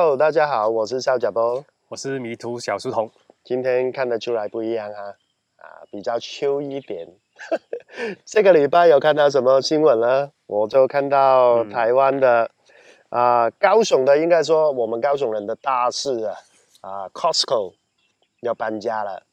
Hello，大家好，我是小甲波，我是迷途小書童。今天看得出來不一樣啊，啊比較秋一點。 這個禮拜有看到什麼新聞呢？我就看到台灣的、嗯、啊高雄的，應該說我們高雄人的大事啊啊，Costco 要搬家了。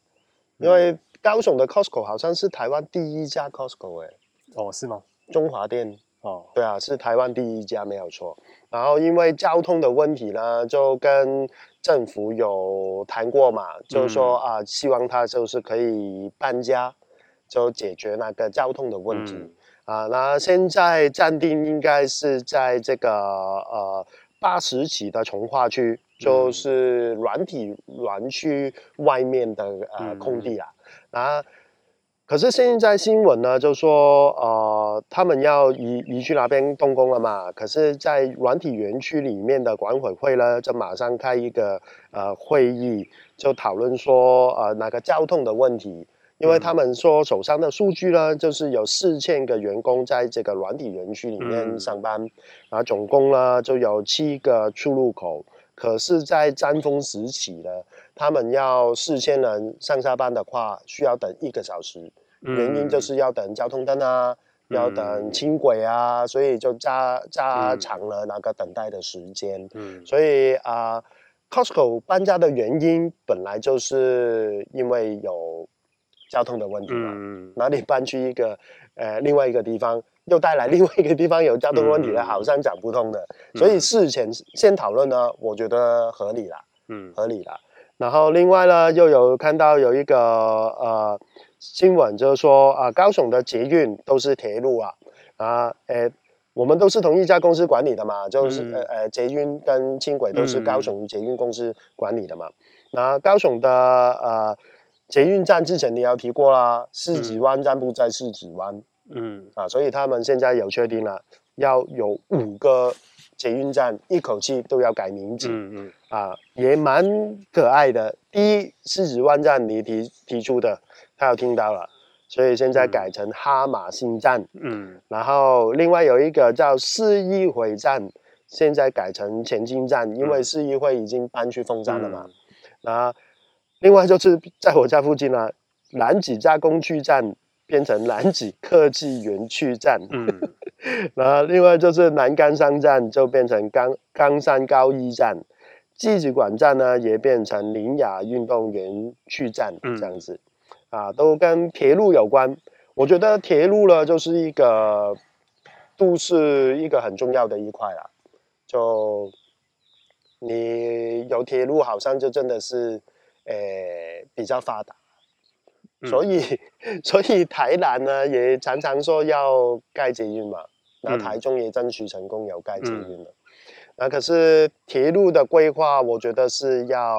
因為高雄的 Costco 好像是台灣第一家 Costco 哎、欸，哦是嗎？中華店哦，對啊，是台灣第一家，沒有錯。然後因為交通的問題呢，就跟政府有談過嘛，就是說啊、嗯，希望他就是可以搬家，就解決那個交通的問題、嗯、啊。那現在暫定應該是在這個呃八十期的重劃區，就是軟體園區外面的呃、嗯、空地啊。然後。可是現在新聞呢，就說呃，他們要移移去那邊動工了嘛？可是，在軟體園區裡面的管委會呢，就馬上開一個呃會議，就討論說呃那個交通的問題，因為他們說手上的數據呢，就是有四千個員工在這個軟體園區裡面上班，嗯、然後總共呢就有七個出入口。可是，在尖峰時期呢，他們要四千人上下班的話，需要等一個小時。原因就是要等交通燈啊，嗯、要等輕軌啊，所以就加加長了那個等待的時間。嗯，所以啊、呃、，Costco 搬家的原因本來就是因為有交通的問題嘛、啊嗯，哪裡搬去一個，呃，另外一個地方。又帶來另外一個地方有交通問題的、嗯嗯，好像講不通的、嗯，所以事前先討論呢，我覺得合理啦，嗯，合理啦。然後另外呢，又有看到有一個呃新聞，就是說啊、呃，高雄的捷運都是鐵路啊，啊、呃，誒、欸、我們都是同一家公司管理的嘛，就是呃、嗯嗯、呃，捷運跟輕軌都是高雄捷運公司管理的嘛。那、嗯嗯啊、高雄的呃捷運站之前你要提過啦、啊，西子灣站不在西子灣。嗯嗯啊，所以他們現在有確定了，要有五個捷運站一口氣都要改名字。嗯嗯，啊，也蠻可愛的。第一，西子灣站你提提出的，他有聽到了，所以現在改成哈馬星站。嗯，然後另外有一個叫市議會站，現在改成前進站，因為市議會已經搬去鳳山了嘛。嗯、然後另外就是在我家附近呢、啊，楠梓加工區站。變成楠梓科技園區站，嗯， 然後另外就是南岡山站就變成岡岡山高醫站，技擊館站呢也變成苓雅運動園區站，這樣子，嗯，啊，都跟鐵路有關。我覺得鐵路呢就是一個，都是一個很重要的一塊了，就你有鐵路好像就真的是，誒、欸，比較發達。嗯、所以，所以台南呢也常常說要蓋捷運嘛，那台中也爭取成功有蓋捷運了，嗯。那可是鐵路的規劃，我覺得是要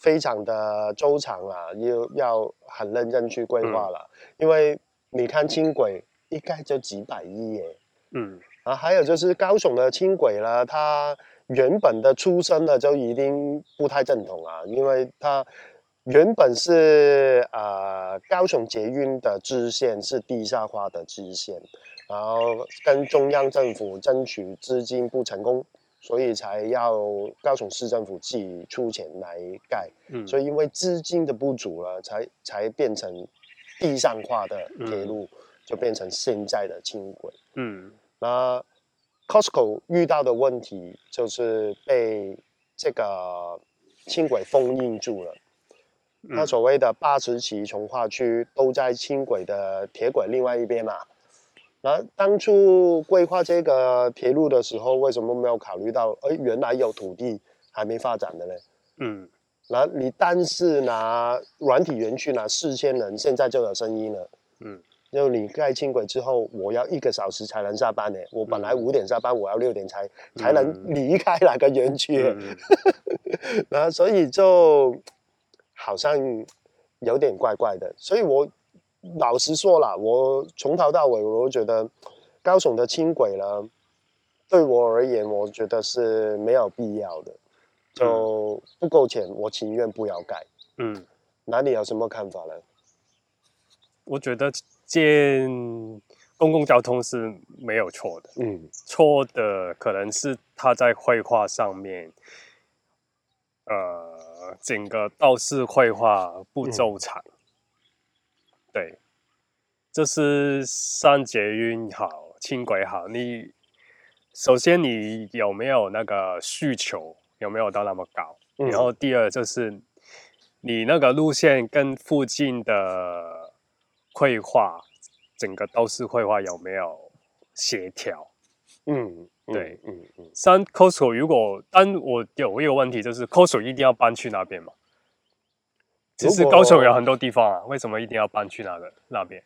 非常的周長啦，啊，又要很認真去規劃了。嗯，因為你看輕軌一蓋就幾百億耶，嗯，啊，還有就是高雄的輕軌呢，它原本的出生呢就已經不太正統啊，因為它。原本是啊、呃、高雄捷運的支線是地下化的支線，然後跟中央政府爭取資金不成功，所以才要高雄市政府自己出錢來蓋。嗯，所以因為資金的不足了，才才變成地上化的鐵路、嗯，就變成現在的輕軌。嗯，那 Costco 遇到的問題就是被這個輕軌封印住了。嗯、那所謂的八十期重劃區都在輕軌的鐵軌另外一邊嘛、啊。那當初規劃這個鐵路的時候，為什麼沒有考慮到？哎，原來有土地還沒發展的嘞。嗯。那你單是拿軟體園區拿四千人，現在就有聲音了。嗯。就你蓋輕軌之後，我要一個小時才能下班呢。我本來五點下班，嗯、我要六點才才能離開那個園區。嗯嗯、 然後所以就。好像有點怪怪的，所以，我老實說了，我從頭到尾，我都覺得高雄的輕軌呢，對我而言，我覺得是沒有必要的，嗯、就不夠錢，我情願不要蓋。嗯，那你有什麼看法呢？我覺得建公共交通是沒有錯的。嗯，錯的可能是他在規劃上面，呃。整個都市計畫不周詳、嗯，對，這，就是捷運好，輕軌好。你首先你有沒有那個需求，有沒有到那麼高，嗯？然後第二就是你那個路線跟附近的計畫，整個都市計畫有沒有協調？嗯。對，嗯嗯。三 Costco 如果，但我有我一個問題，就是 Costco 一定要搬去那邊嗎？其實高雄有很多地方啊，為什麼一定要搬去那個那邊？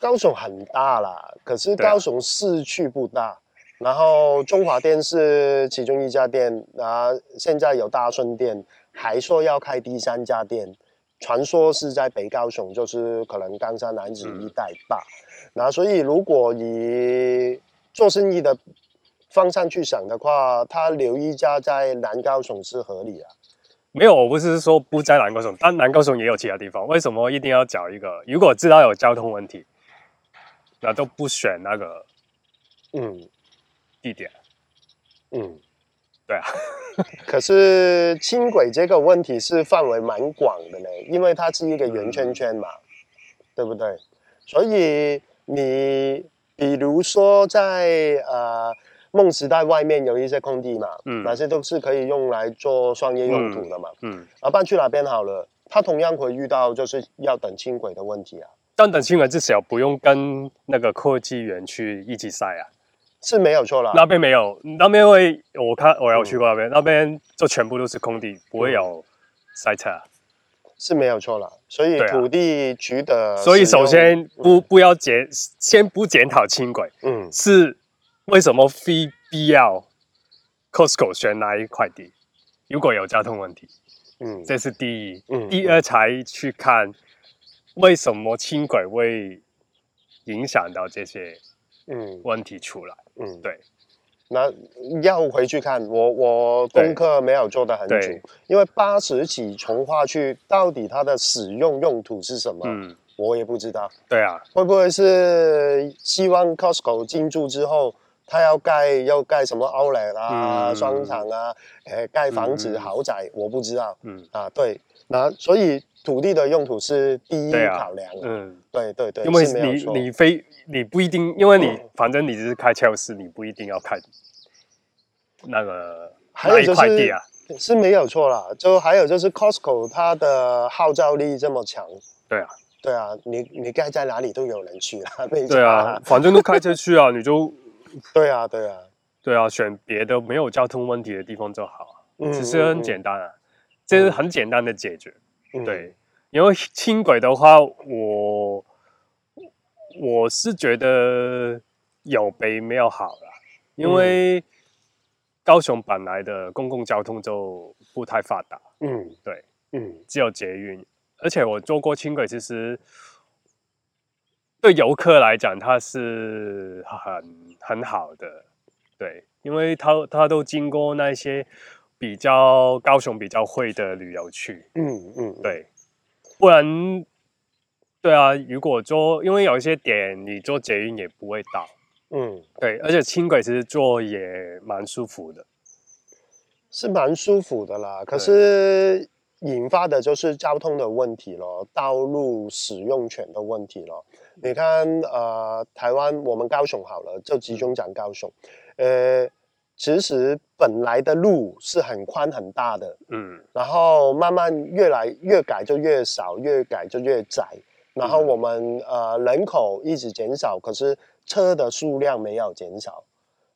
高雄很大啦，可是高雄市區不大，啊。然後中華店是其中一家店，那現在有大順店，還說要開第三家店，傳說是在北高雄，就是可能岡山楠梓一帶吧，那所以如果你做生意的。放上去想的話，他留一家在南高雄是合理的、啊。沒有，我不是說不在南高雄，但南高雄也有其他地方。為什麼一定要找一個？如果知道有交通問題，那都不選那個嗯地點嗯。嗯，對啊。可是輕軌這個問題是範圍蠻廣的呢，因為它是一個圓圈圈嘛，嗯、對不對？所以你比如說在呃。夢時代外面有一些空地嘛，那些都是可以用來做商業用途的嘛。嗯，老、嗯、搬、啊、去哪邊好了，他同樣會遇到就是要等輕軌的問題啊。但等輕軌至少不用跟那個科技園區一起塞啊，是沒有錯啦。那邊沒有，那邊會我看我要去過那邊、嗯，那邊就全部都是空地，不會有塞車、啊嗯，是沒有錯啦。所以土地取得、啊，所以首先不不要檢、嗯，先不檢討輕軌，嗯，是。為什麼非必要？Costco 選哪一塊地？如果有交通問題，嗯，這是第一，嗯，第二才去看為什麼輕軌會影響到這些嗯問題出來，嗯，對，那要回去看我我功課沒有做得很足，因為八十期重劃區到底它的使用用途是什麼？嗯，我也不知道，對啊，會不會是希望 Costco 進駐之後？他要蓋要蓋什麼奧萊啊、商、嗯啊、場啊，哎、欸，蓋房子豪宅、嗯，我不知道。嗯啊，對，那所以土地的用途是第一考量，啊啊。嗯，對對對，因為你你，你非你不一定，因為你、哦、反正你只是開超市，你不一定要開那個還有、就是、一塊地啊，是沒有錯啦。就還有就是 Costco 它的號召力這麼強。對啊，對啊，你你蓋在哪裡都有人去啊。對啊，反正都開車去啊， 你就。對啊，對啊，對啊，選別的沒有交通問題的地方就好。嗯，其實很簡單啊，嗯，這是很簡單的解決，嗯。對，因為輕軌的話，我我是覺得有比沒有好了，啊，因為高雄本來的公共交通就不太發達。嗯，對，嗯，只有捷運，而且我坐過輕軌，其實。對遊客來講，它是很很好的，對，因為它它都經過那些比較高雄比較會的旅遊區，嗯嗯，對，不然，對啊，如果坐，因為有一些點你坐捷運也不會到，嗯，對，而且輕軌其實坐也蠻舒服的，是蠻舒服的啦，可是引發的就是交通的問題咯，嗯、道路使用權的問題咯。你看呃台灣我們高雄好了，就集中講高雄。呃，其實本來的路是很寬很大的，嗯，然後慢慢越來越改就越少，越改就越窄。然後我們、嗯、呃人口一直減少，可是車的數量沒有減少，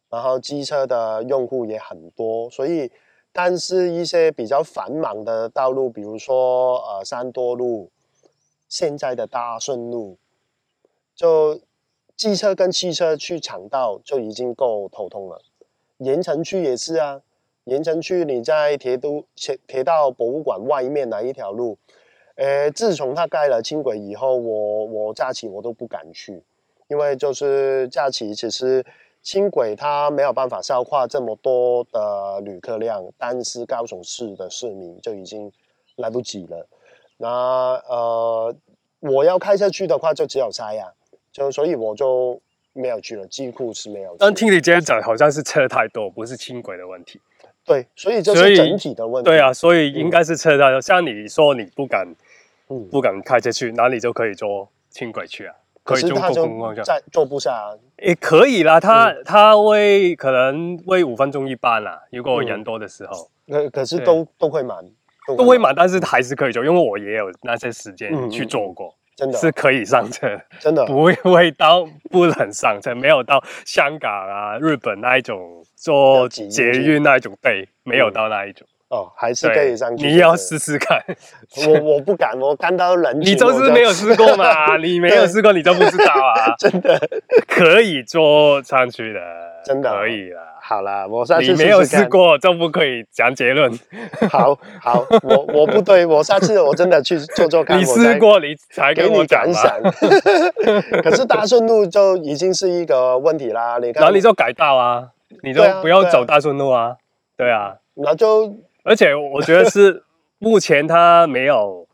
然後機車的用戶也很多，所以但是一些比較繁忙的道路，比如說呃三多路，現在的大順路。就機車跟汽車去搶道就已經夠頭痛了，鹽埕區也是啊。鹽埕區你在鐵都鐵鐵道博物館外面那一條路，呃，自從它蓋了輕軌以後，我我假期我都不敢去，因為就是假期其實輕軌它沒有辦法消化這麼多的旅客量，但是高雄市的市民就已經來不及了。那呃，我要開車去的話，就只有塞呀、啊。就所以我就沒有去了，幾乎是沒有去了。但聽你今天講，好像是車太多，不是輕軌的問題。對，所以這是整體的問題。對啊，所以應該是車太多。像你說你不敢，嗯、不敢開車去，哪裡就可以坐輕軌去啊？嗯、可以空空空下就在坐不下、啊。也、欸、可以啦，他、嗯、他會可能會五分鐘一班啦、啊。如果人多的時候，嗯、可可是都都會滿，都會滿，但是還是可以坐，因為我也有那些時間去坐過。嗯嗯真的是可以上車，真的不會到不能上車，沒有到香港啊、日本那一種坐捷運那一種，對，沒有到那一種。嗯哦，還是可以上去。你要試試看，我我不敢，我看到人 你就是沒有試過嘛？ 你沒有試過，你都不知道啊。 真的可以坐上去的，真的可以了。好了，我下次你沒有試過就不可以講結論。好好，我我不對，我下次我真的去坐坐看。 你試過，你才給我講講。 可是大順路就已經是一個問題啦，你看。然後，你就改道啊，你就不要、啊啊、走大順路啊。對啊，那就。 而且我覺得是目前它沒有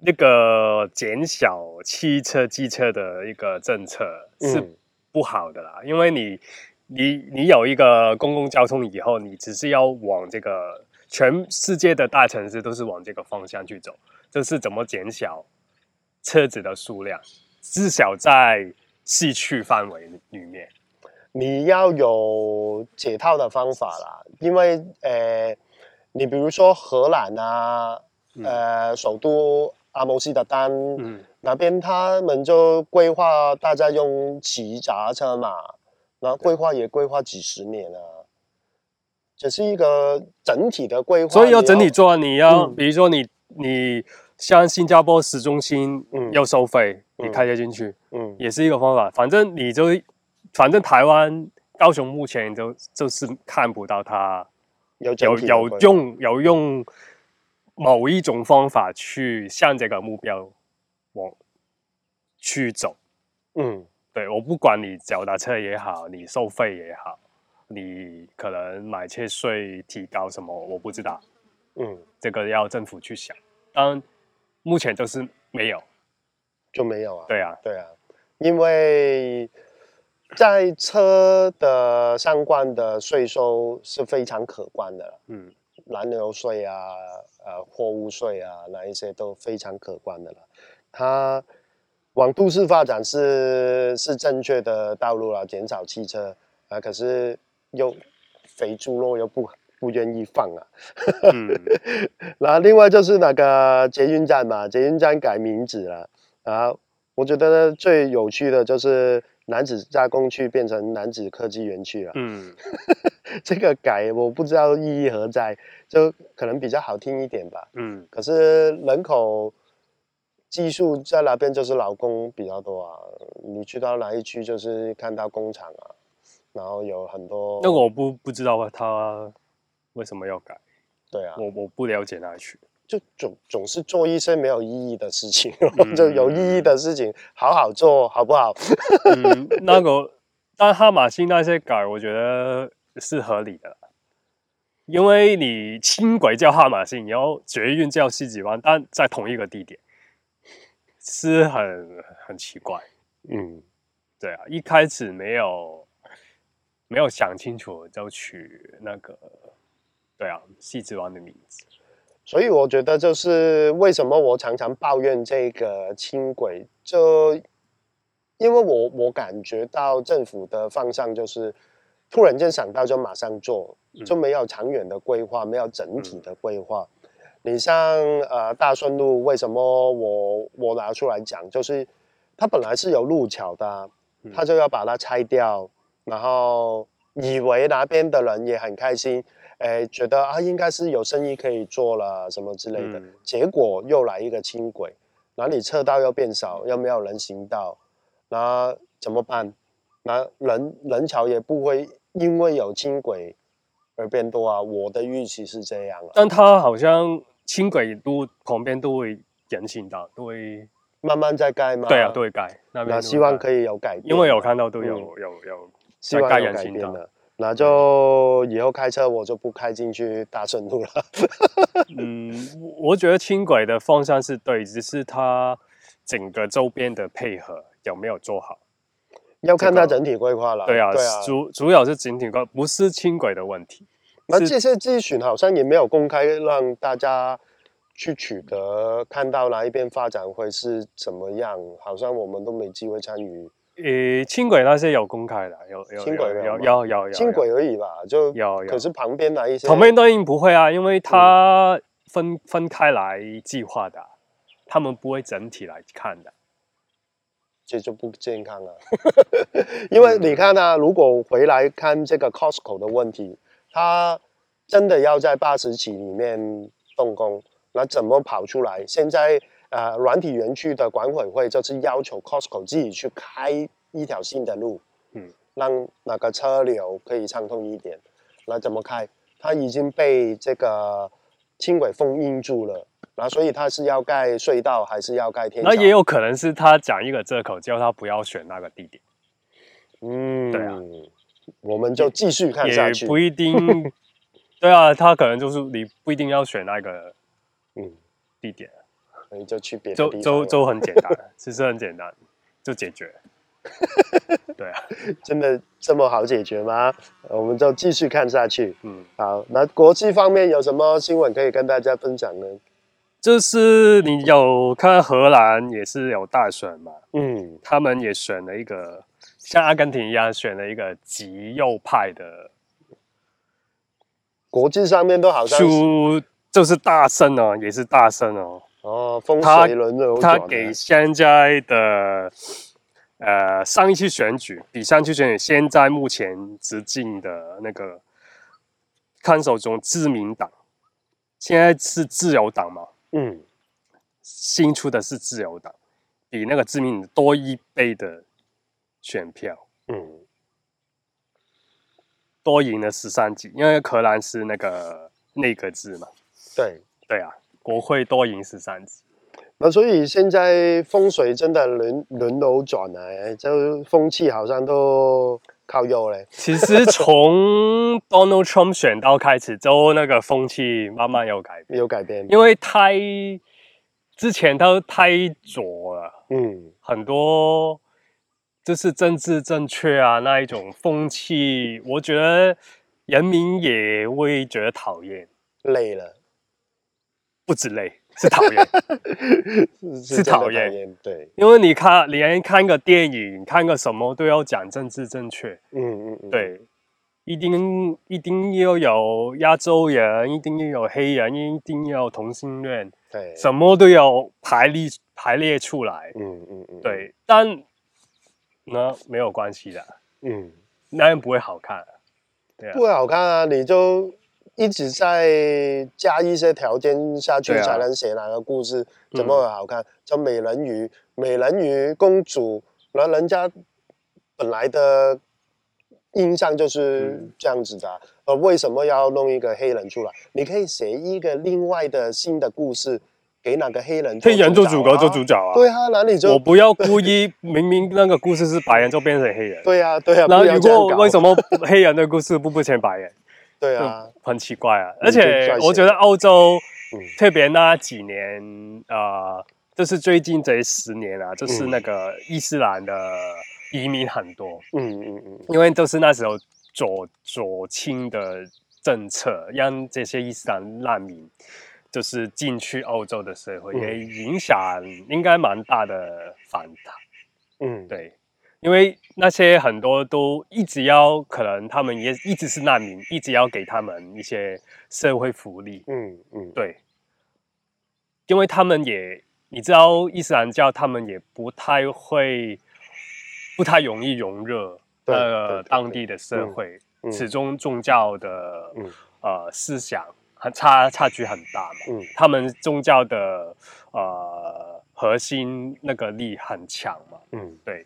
那個減小汽車、機車的一個政策是不好的啦，嗯，因為你、你、你有一個公共交通以後，你只是要往這個全世界的大城市都是往這個方向去走，就是怎麼減小車子的數量？至少在市區範圍裡面，你要有解套的方法啦，因為呃。你比如說荷蘭啊，嗯、呃，首都阿姆斯特丹，嗯，那邊他們就規劃大家用騎自行車車嘛、嗯，然後規劃也規劃幾十年了，這是一個整體的規劃，所以要整體做、嗯。你要比如說你你像新加坡市中心要收費，嗯，你開車進去，嗯，也是一個方法。反正你就反正台灣高雄目前就就是看不到它。有有，有用有用，某一種方法去向這個目標往去走，嗯，對，我不管你腳踏車也好，你收費也好，你可能買車稅提高什麼我不知道，嗯，這個要政府去想，當然目前就是沒有就沒有啊，對啊對啊，因為。在車的相關的稅收是非常可觀的，嗯，燃油稅啊，呃，貨物稅啊，那一些都非常可觀的了。它往都市發展是是正確的道路了，減少汽車啊，可是又肥豬肉又不不願意放啊。那、 嗯、另外就是那個捷運站嘛，捷運站改名字了啊。我覺得最有趣的就是。楠梓加工區變成楠梓科技園區了，嗯， 這個改我不知道意義何在，就可能比較好聽一點吧，嗯，可是人口技術在那邊就是勞工比較多啊，你去到哪一區就是看到工廠啊，然後有很多，那我不不知道啊他為什麼要改，對啊，我我不了解那一區。就總總是做一些沒有意義的事情，嗯、 就有意義的事情好好做好不好？ 嗯、那個但哈瑪星那些改，我覺得是合理的，因為你輕軌叫哈瑪星，然後捷運叫西子灣，但在同一個地點，是很很奇怪。嗯，對啊，一開始沒有沒有想清楚就取那個，對啊，西子灣的名字。所以我覺得就是為什麼我常常抱怨這個輕軌，就因為我我感覺到政府的方向就是突然間想到就馬上做，就沒有長遠的規劃，沒有整體的規劃。嗯。你像呃大順路，為什麼我我拿出來講，就是它本來是有路橋的啊，它就要把它拆掉，然後以為那邊的人也很開心。哎，覺得啊，應該是有生意可以做了，什麼之類的。嗯、結果又來一個輕軌，哪裡車道又變少，又沒有人行道，那怎麼辦？那人人潮也不會因為有輕軌而變多啊。我的預期是這樣，啊。但他好像輕軌都，旁邊都會人行道，都會慢慢在蓋嗎？對啊，都會蓋。那改、啊、希望可以有改變。因為有看到都有、嗯、有有，有在蓋人行的。那就以後開車我就不開進去大順路了。 嗯，我覺得輕軌的方向是對，只是它整個周邊的配合有沒有做好，要看它整體規劃了。這個、對啊，對啊，主主要是整體規劃，不是輕軌的問題。那這些資訊好像也沒有公開讓大家去取得，看到哪一邊發展會是怎麼樣，好像我們都沒機會參與。呃，輕軌那些有公開的，有有輕軌的，有有有有,有輕軌而已吧，就有。有。可是旁邊的一些，有有旁邊當然不會啊，因為他分分開來計劃的，他們不會整體來看的，這就不健康了， 因為你看啊，如果回來看這個 Costco 的問題，他真的要在八十幾裡面動工，那怎麼跑出來？現在？呃，軟體園區的管委會就是要求 Costco 自己去開一條新的路，嗯，讓那個車流可以暢通一點。那怎麼開？它已經被這個輕軌封印住了，那所以它是要蓋隧道還是要蓋天橋？那也有可能是他講一個借口，叫他不要選那個地點。嗯，對啊，我們就繼續看下去，不一定。 對啊，他可能就是你不一定要選那個嗯地點。就去別的州州州很簡單， 其實很簡單，就解決。對啊， 真的這麼好解決嗎？我們就繼續看下去。嗯，好，那國際方面有什麼新聞可以跟大家分享呢？就是你有看荷蘭也是有大選嘛？嗯，他們也選了一個像阿根廷一樣選了一個極右派的。國際上面都好像是就是大勝哦，也是大勝哦。哦、種種他他給現在的呃上一期選舉比上期選舉現在目前執政的那個看守中自民黨，現在是自由黨嘛？嗯，新出的是自由黨，比那個自民黨多一倍的選票，嗯，多贏了十三級，因為荷蘭是那個內閣制嘛，對對啊，國會多贏十三級。那所以現在風水真的輪輪流轉來、啊、就風氣好像都靠右了，其實從 Donald Trump 選到開始，就那個風氣慢慢有改變，有改變。因為太之前都太左了，嗯，很多就是政治正確啊，那一種風氣，我覺得人民也會覺得討厭，累了，不止累。是討厭， 是討厭，對，因為你看，連看個電影、看個什麼都要講政治正確，嗯嗯嗯，對，一定一定要有亞洲人，一定要有黑人，一定要同性戀，對，什麼都要排列排列出來，嗯嗯嗯，對，但那沒有關係的，嗯，那樣不會好看，對啊，不會好看啊，你就。一直在加一些條件下去，才能寫哪個故事，啊、怎麼很好看？叫、嗯、美人魚，美人魚公主，那人家本來的印象就是這樣子的。呃、嗯，為什麼要弄一個黑人出來？你可以寫一個另外的新的故事，給哪個黑人，啊、黑人做主角，做主角啊？對啊，哪裡做？我不要故意明明那個故事是白人，就變成黑人。對啊對啊。那如果為什麼黑人的故事不不簽白人？對啊、嗯，很奇怪啊！而且我覺得歐洲，特別那幾年啊、嗯嗯、呃，就是最近這十年啊，就是那個伊斯蘭的移民很多。嗯嗯嗯，嗯，因為都是那時候左左傾的政策，讓這些伊斯蘭難民就是進去歐洲的社會，也影響應該蠻大的反彈。嗯，對。因為那些很多都一直要，可能他們也一直是難民，一直要給他們一些社會福利。嗯嗯，對。因為他們也，你知道伊斯蘭教，他們也不太會，不太容易融入呃，對對對，當地的社會，嗯嗯、始終宗教的呃思想很差，差距很大嘛。嗯、他們宗教的呃核心那個力很強嘛。嗯，對。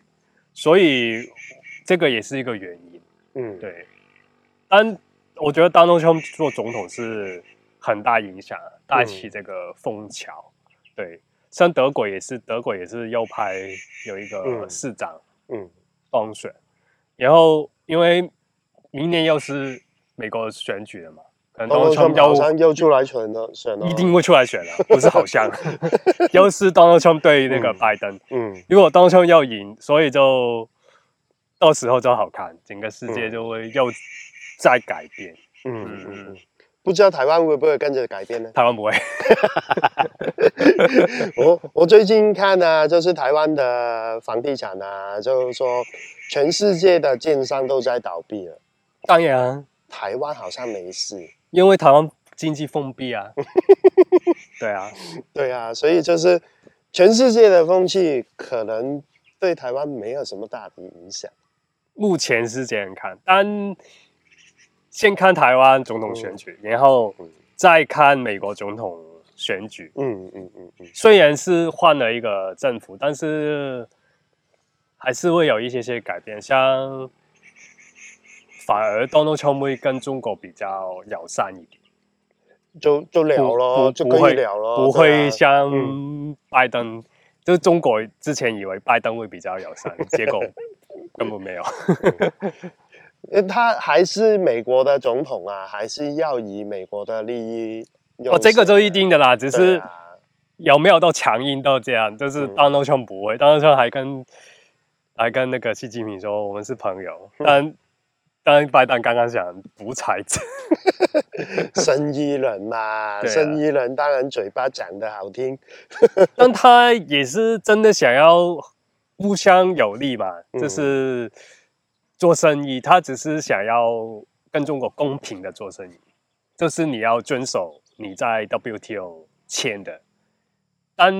所以這個也是一個原因，嗯，對。但我覺得當中他們做總統是很大影響，大起這個風潮，嗯。對，像德國也是，德國也是右派有一個市長，嗯，當、嗯、選。然後因為明年又是美國選舉了嘛。川普要又出來選了，選了，一定會出來選了不是好像。 又是川普對那個拜登，嗯，嗯，如果川普要贏，所以就到時候就好看，整個世界就會又再改變嗯嗯嗯。嗯，不知道台灣會不會跟着改變呢？台灣不會 我。我我最近看呢、啊，就是台灣的房地產啊，就是說全世界的建商都在倒閉了，當然、啊、台灣好像沒事。因為台灣經濟封閉啊， 對啊， 對啊，所以就是全世界的風氣可能對台灣沒有什麼大的影響。目前是這樣看，但先看台灣總統選舉，嗯，然後再看美國總統選舉。嗯嗯嗯嗯，雖然是換了一個政府，但是還是會有一些些改變，像。反而川普會跟中國比較友善一點，就就聊咯，不不就可以聊咯不會，不會像拜登、嗯，就中國之前以為拜登會比較友善， 結果根本沒有。 嗯、他還是美國的總統啊，還是要以美國的利益。哦，這個就一定的啦，只是有沒有到強硬到這樣，就是川普不會，嗯嗯、川普還跟，還跟那個習近平說，我們是朋友，但、嗯。拜登剛剛講不財政，生意人嘛、啊，生意人當然嘴巴講的好聽， 但他也是真的想要互相有利嘛、嗯，就是做生意，他只是想要跟中國公平的做生意，就是你要遵守你在 WTO 簽的。但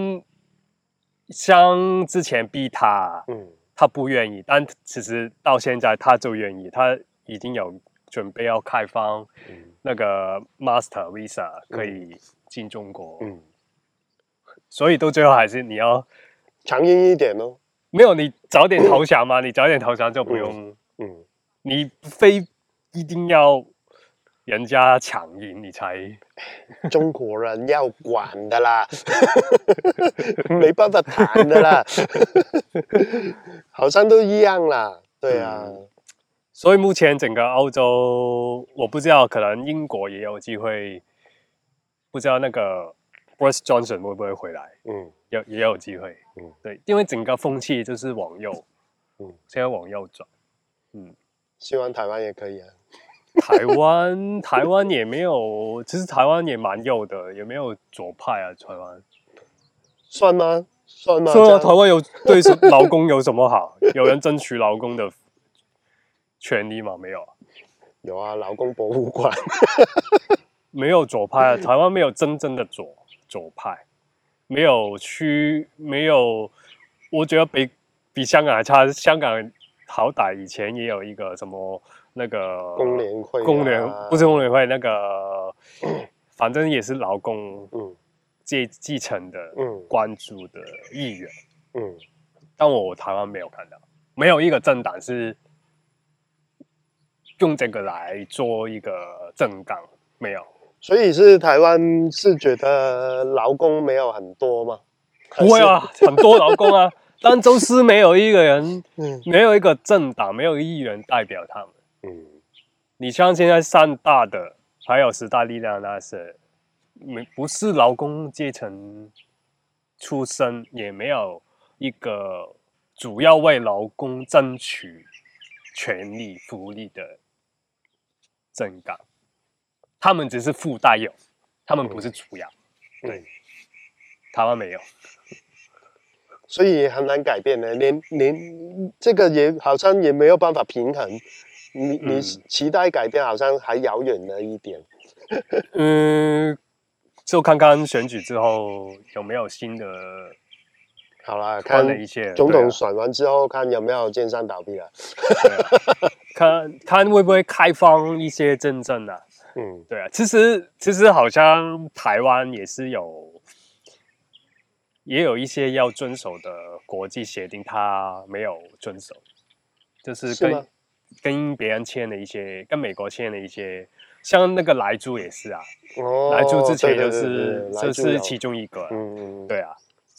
像之前逼他，他不願意，但其實到現在他就願意，他。已經有準備要開放那個 Master Visa 可以進中國，嗯嗯、所以到最後還是你要強硬一點嘍、哦。沒有你早點投降嘛， 你早點投降就不用。嗯，嗯你非一定要人家強硬你才？中國人要管的啦， 沒辦法談的啦， 好像都一樣啦。對啊。嗯所以目前整個歐洲，我不知道，可能英國也有機會。不知道那個 Boris Johnson 會不會回來？嗯，有也有機會。嗯，對，因為整個風氣就是往右。嗯，現在往右轉。嗯，希望台灣也可以啊。台灣，台灣也沒有，其實台灣也蠻右的，也沒有左派啊。台灣算嗎？算嗎？說台灣有對勞工有什麼好？ 有人爭取勞工的。權利嘛，沒有。啊，有啊，勞工博物館 沒有左派啊，台灣沒有真正的左左派，沒有區沒有，我覺得比比香港還差，香港好歹以前也有一個什麼那個工聯會、啊、會，工聯不是工聯會那個、嗯，反正也是勞工嗯繼繼承的嗯關注的議員嗯，嗯，但我台灣沒有看到，沒有一個政黨是。用這個來做一個政黨，沒有，所以是台灣是覺得勞工沒有很多嗎？不會啊，很多勞工啊， 但周司沒有一個人， 沒有一個政黨，沒有議員代表他們。嗯，你像現在三大的，還有時代力量的那些，沒不是勞工階層出身，也沒有一個主要為勞工爭取權利福利的。政黨他們只是附帶有，他們不是主要、嗯。對，台、嗯、灣沒有，所以很難改變呢連連,連這個也好像也沒有辦法平衡。你、嗯、你期待改變，好像還遙遠了一點。嗯，就看看選舉之後有沒有新的。好啦，看總統選完之後，看有沒有券商倒閉了對，啊對啊。看看會不會開放一些簽證啊。嗯，對啊，其實其實好像台灣也是有，也有一些要遵守的國際協定，他沒有遵守，就是跟是跟別人簽了一些，跟美國簽了一些，像那個萊豬也是啊，萊，哦、豬之前就是就是，是其中一個，嗯嗯，對啊。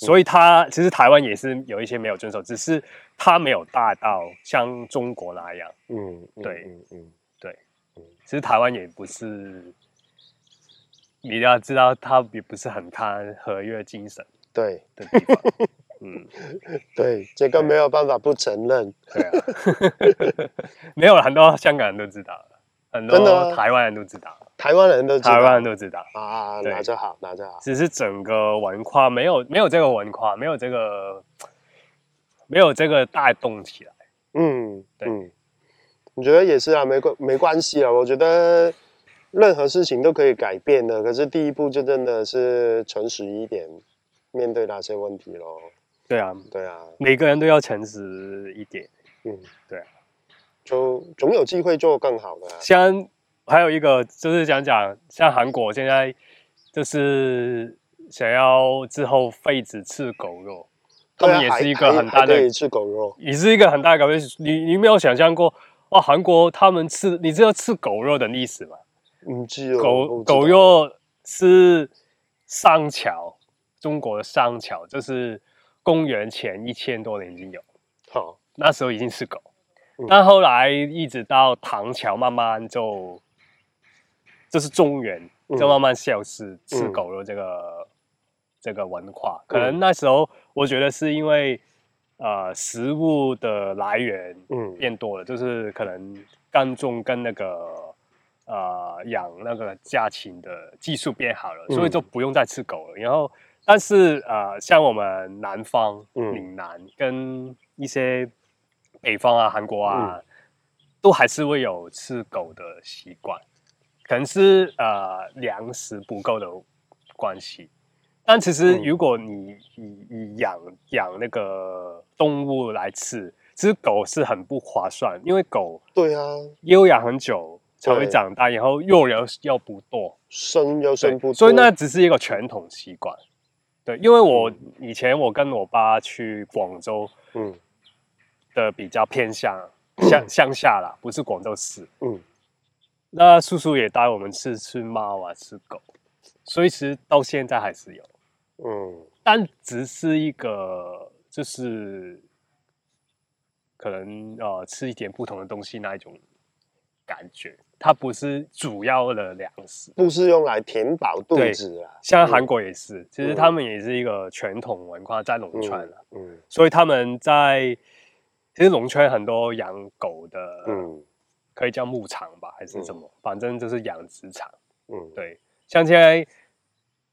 所以他其實台灣也是有一些沒有遵守，只是他沒有大到像中國那樣。嗯，對，嗯對嗯對，其實台灣也不是，你要知道他也不是很看合約精神，對對，嗯，對，這個沒有辦法不承認，對啊， 沒有啦，很多香港人都知道。很多、啊、台灣人都知道，台灣人都台灣人都知道，都知道啊，啊啊，那就好，那就好。只是整個文化沒有沒有這個文化，沒有這個沒有這個帶動起來。嗯，對。我、嗯、覺得也是啊，沒關沒關係啊。我覺得任何事情都可以改變的，可是第一步就真的是誠實一點，面對那些問題嘍。對啊，對啊，每個人都要誠實一點。嗯，對、啊。都總有機會做更好的啊。像還有一個就是講講，像韓國現在就是想要之後廢止吃狗肉，他們也是一個很大的。可以吃狗肉，也是一個很大的改變。你你沒有想象過哦？韓國他們吃你知道吃狗肉的歷史嗎？不知道。狗知道狗肉是商朝，中國的商朝，就是公元前一千多年已經有。好、哦，那時候已經是狗。但後來一直到唐朝，慢慢就，就，就是中原，就慢慢消失、嗯、吃狗肉這個、嗯、這個文化。可能那時候我覺得是因為，呃，食物的來源嗯變多了、嗯，就是可能耕種跟那個呃養那個家禽的技術變好了，所以就不用再吃狗了。然後，但是呃，像我們南方，嗯，嶺南跟一些。北方啊，韓國啊、嗯，都還是會有吃狗的習慣，可能是呃糧食不夠的關係。但其實如果你以、嗯、以養養那個動物來吃，其實狗是很不划算，因為狗對啊，要養很久才會長大，然後又又又不多生又生不多，所以那只是一個傳統習慣。對，因為我以前我跟我爸去廣州，嗯。的比較偏向向，向下啦，不是廣州市。嗯，那叔叔也帶我們吃吃貓啊，吃狗，所以其實到現在還是有。嗯，但只是一個就是可能呃吃一點不同的東西那一種感覺，它不是主要的糧食，不是用來填飽肚子啊。嗯，像韓國也是，其實他們也是一個傳統文化，在農村啦，嗯，嗯，嗯，所以他們在。其實龍圈很多養狗的，嗯，可以叫牧場吧，還是什麼？嗯、反正就是養殖場。嗯，對。像現在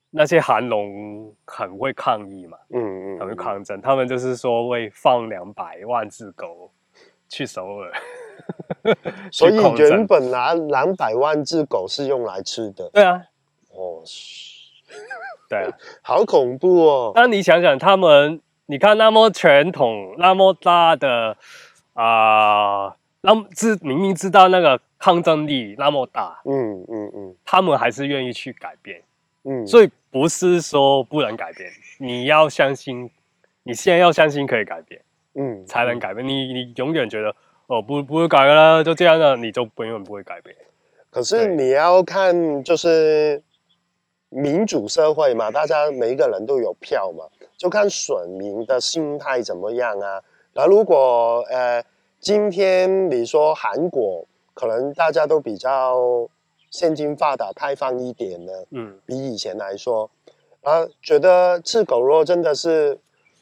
那些韓龍很會抗議嘛，嗯嗯，很會抗爭，嗯嗯。他們就是說會放兩百萬隻狗去首爾， 所以原本拿兩百萬隻狗是用來吃的。對啊，哦， 對啊，好恐怖哦。那你想想他們。你看，那麼傳統，那麼大的啊，那麼知明明知道那個抗爭力那麼大，嗯嗯嗯，他們還是願意去改變，嗯，所以不是說不能改變，你要相信，你現在要相信可以改變，嗯，才能改變。你你永遠覺得哦不不會改了，就這樣了，你就永遠不會改變。可是你要看，就是民主社會嘛，大家每一個人都有票嘛。就看選民的心態怎麼樣啊。那如果呃，今天你說韓國，可能大家都比較先進發達、開放一點呢？嗯，比以前來說，啊、覺得吃狗肉真的是，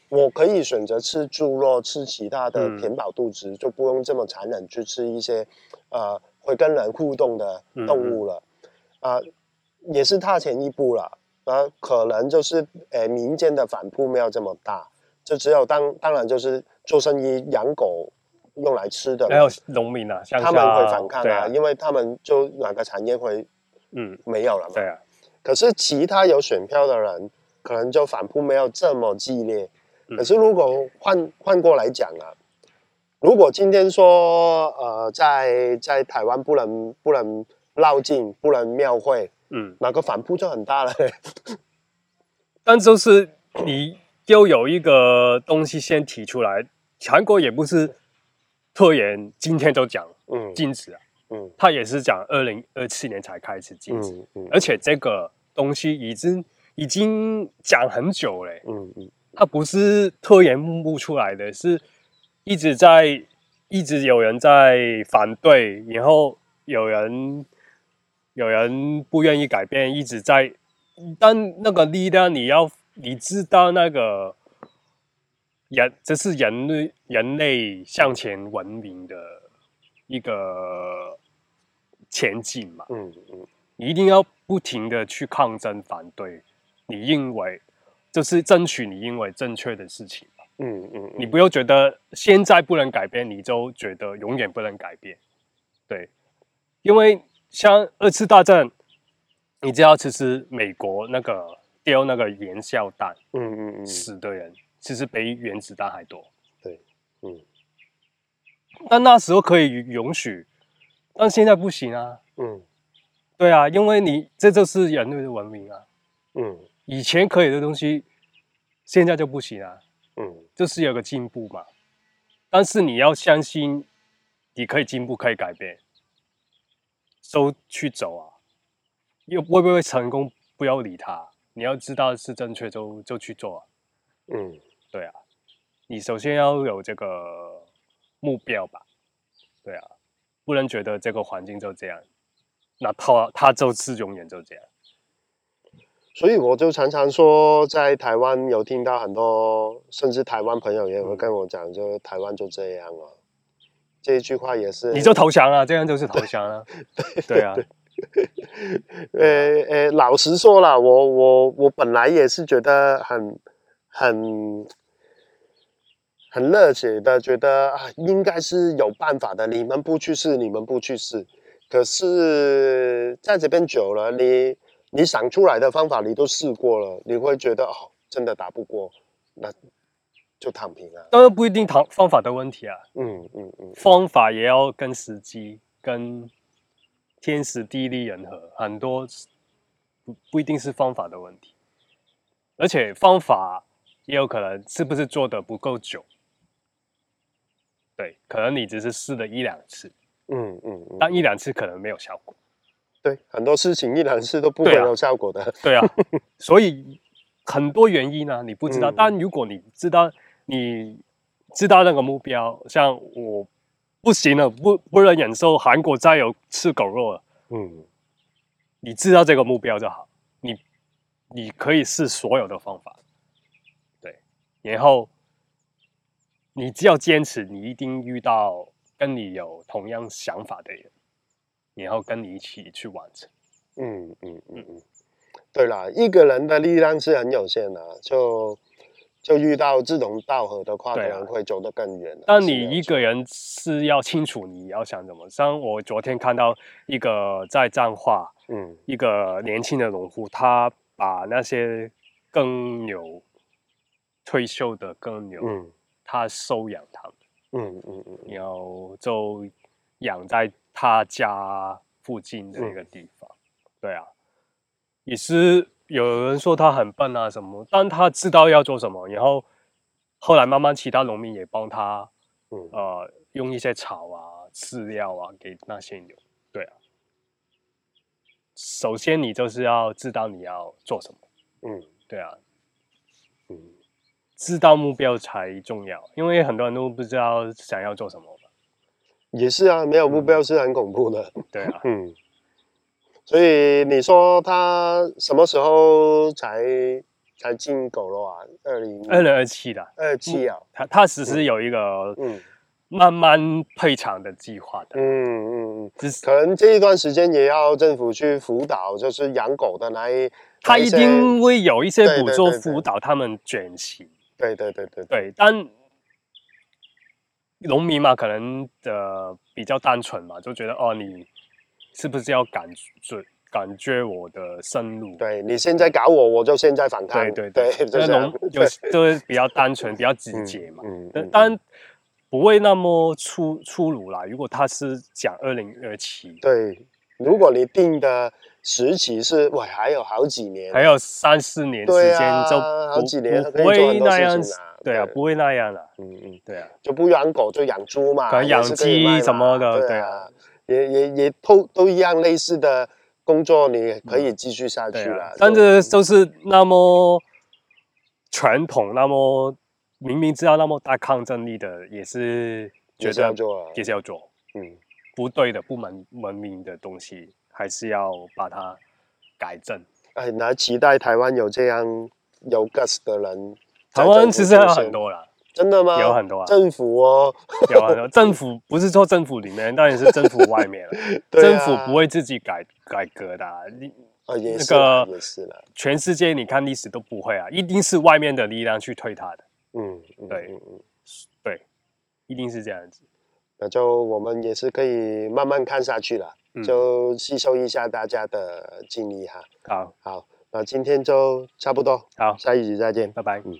我可以選擇吃豬肉、吃其他的填飽肚子、嗯，就不用這麼殘忍去吃一些，呃，會跟人互動的動物了，嗯嗯啊、也是踏前一步了。啊，可能就是呃、欸、民間的反撲沒有這麼大，就只有當當然就是做生意養狗用來吃的。沒有農民啊，像像，他們會反抗啊，啊，因為他們就哪個產業會嗯，沒有了嘛，嗯。對啊，可是其他有選票的人可能就反撲沒有這麼激烈。嗯，可是如果換換過來講啊，如果今天說呃，在在台灣不能不能繞境，不能廟會。嗯，那個反撲就很大了， 但就是你又有一個東西先提出來，韓國也不是突然，今天就講，嗯，禁止啊，嗯，他、嗯、也是講二零二七年才開始禁止嗯，嗯，而且這個東西已經已經講很久了，嗯嗯，他不是突然冒出來的是，一直在一直有人在反對，然後有人。有人不願意改變，一直在，但那個力量你要，你知道那個人，這是人類人類向前文明的一個前進嘛。嗯嗯，你一定要不停的去抗爭反對，你認為這、就是爭取你認為正確的事情嘛。嗯嗯，嗯，你不要覺得現在不能改變，你就覺得永遠不能改變，對，因為。像二次大戰，你知道，其實美國那個丟那個燃燒彈，嗯嗯嗯，死的人其實比原子彈還多。對，嗯。但那時候可以允許，但現在不行啊。嗯，對啊，因為你這就是人類的文明啊。嗯，以前可以的東西，現在就不行啊。嗯，這、就是有個進步嘛。但是你要相信，你可以進步，可以改變。都去走啊，又會不會成功？不要理他，你要知道是正確，就就去做啊。嗯，對啊，你首先要有這個目標吧。對啊，不能覺得這個環境就這樣，那他他就是永遠就這樣。所以我就常常說，在台灣有聽到很多，甚至台灣朋友也會跟我講，嗯，就台灣就這樣啊。這一句話也是，你就投降了，哎、這樣就是投降了。對，對，對啊，誒、哎、誒、哎、老實說啦，我我我本來也是覺得很很很熱血的，覺得啊應該是有辦法的。你們不去試，你們不去試。可是在這邊久了，你你想出來的方法你都試過了，你會覺得哦，真的打不過那。就躺平啊？當然不一定躺，方法的問題啊。嗯嗯嗯，方法也要跟時機、跟天時地利人和，很多不不一定是方法的問題，而且方法也有可能是不是做的不夠久。對，可能你只是試了一兩次。嗯嗯，嗯，但一兩次可能沒有效果。對，很多事情一兩次都不沒有效果的。對啊，對啊 所以很多原因呢、啊，你不知道、嗯。但如果你知道。你知道那個目標，像我不行了，不不能忍受韓國再有吃狗肉了。嗯，你知道這個目標就好，你你可以試所有的方法，對，然後你只要堅持，你一定遇到跟你有同樣想法的人，然後跟你一起去完成。嗯嗯嗯嗯，對啦，一個人的力量是很有限的，就。就遇到志同道合的話，可能會走得更遠，啊。但你一個人是要清楚你要想怎麼。像我昨天看到一個在彰化，嗯，一個年輕的農戶，他把那些耕牛退休的耕牛，嗯，他收養他們，嗯嗯嗯，然後就養在他家附近的一個地方。嗯、對啊，也是。有人說他很笨啊，什麼？但他知道要做什麼。然後後來慢慢，其他農民也幫他，嗯啊、呃，用一些草啊、飼料啊給那些牛。對啊，首先你就是要知道你要做什麼。嗯，對啊，嗯，知道目標才重要，因為很多人都不知道想要做什麼吧。也是啊，沒有目標是很恐怖的。嗯、對啊，嗯。所以你說他什麼時候才才禁狗肉啊？二零二零二七的二七啊，嗯、他他只是有一個嗯慢慢配場的計劃的，嗯嗯只是可能這一段時間也要政府去輔導，就是養狗的來，他一定會有一些補助輔導他們轉型，對對對對對，對，對，對，對，但農民嘛，可能的、呃、比較單純嘛，就覺得哦你。是不是要感覺感覺我的生路對？對，你現在搞我，我就現在反抗。對對對，就這種就是比較單純、 比較直接嘛。嗯，但不會那麼粗粗魯啦。如果他是講二零二七，對，如果你定的時期是，喂，還有好幾年，還有三四年時間，就、啊、好幾年、啊啊、不會那樣、啊對啊對對啊對。對啊，不會那樣啦。嗯嗯，對啊，就、啊、不養狗、啊，就養豬嘛，可能養雞、啊、什麼的。對啊。對啊也也也都都一樣，類似的工作你也可以繼續下去了、嗯啊。但是就是那麼傳統，那麼明明知道那麼大抗爭力的，也是覺得也是，要做、啊、也是要做。嗯，不對的、不文文明的東西，還是要把它改正。很、哎、難期待台灣有這樣有 guts 的人。台灣其實很多了。真的嗎？有很多、啊、政府哦，有很多 政府，不是說政府裡面，當然是政府外面了、 啊。政府不會自己改改革的、啊，你啊、那個，也是了，全世界你看歷史都不會啊，一定是外面的力量去推它的。嗯，對嗯對，嗯對，一定是這樣子。那就我們也是可以慢慢看下去了，嗯、就吸收一下大家的經歷哈。好，好，那今天就差不多，好，下一集再見，拜拜，嗯。